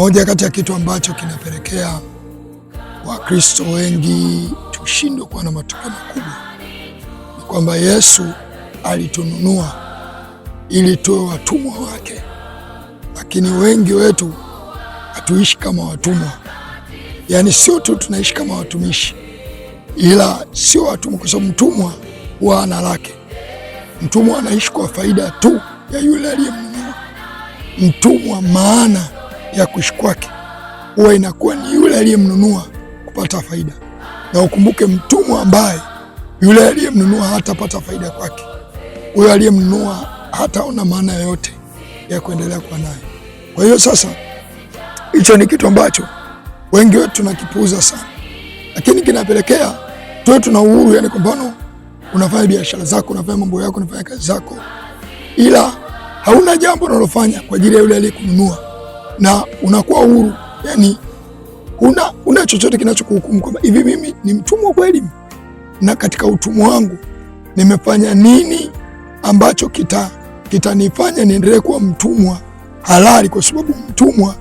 Moja kati ya kitu ambacho kinapelekea Wakristo wengi tushindwe kuwa na matokeo makubwa ni kwamba Yesu alitununua ili tuwe watumwa wake, lakini wengi wetu hatuishi kama watumwa. Yaani sio tu tunaishi kama watumishi, ila sio watumwa, kwa sababu mtumwa huwa ana lake. Mtumwa anaishi kwa faida tu ya yule aliyemnunua. Mtumwa maana ya kuishi kwake huwa inakuwa ni yule aliyemnunua kupata faida, na ukumbuke, mtumwa ambaye yule aliyemnunua hatapata faida kwake, huyo aliyemnunua hataona maana yoyote ya kuendelea kuwa naye. Kwa hiyo sasa, hicho ni kitu ambacho wengi wetu tunakipuuza sana, lakini kinapelekea tuwe tuna uhuru, yani kwa mfano unafanya biashara zako, unafanya mambo yako, unafanya kazi zako, ila hauna jambo unalofanya kwa ajili ya yule aliyekununua na unakuwa huru, yani una, una chochote kinachokuhukumu kwamba hivi mimi ni mtumwa kweli, na katika utumwa wangu nimefanya nini ambacho kita kitanifanya niendelee kuwa mtumwa halali, kwa sababu mtumwa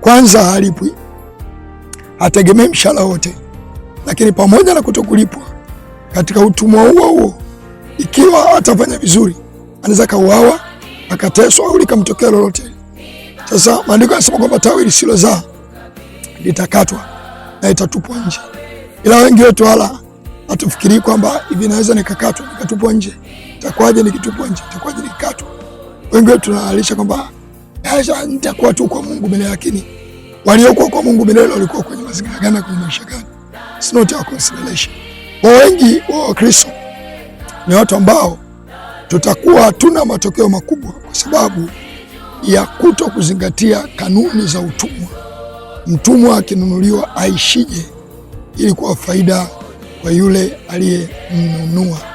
kwanza halipwi, hategemei mshahara wote. Lakini pamoja na kutokulipwa katika utumwa huo huo, ikiwa atafanya vizuri, anaweza kauawa, akateswa au likamtokea lolote. Sasa maandiko yanasema kwamba tawi lisilozaa litakatwa na itatupwa nje, ila wengi wetu wala hatufikirii kwamba hivi naweza nikakatwa nikatupwa nje, takwaje? Nikitupwa nje takwaje? Nikikatwa, wengi wetu tunalisha kwamba nitakuwa tu kwa Mungu milele, lakini waliokuwa kwa Mungu milele walikuwa kwenye mazingira gani, kwenye maisha gani? It's not our consideration. Kwa wengi wa Wakristo ni watu ambao tutakuwa hatuna matokeo makubwa kwa sababu ya kuto kuzingatia kanuni za utumwa. Mtumwa akinunuliwa aishije ili kuwa faida kwa yule aliyemnunua?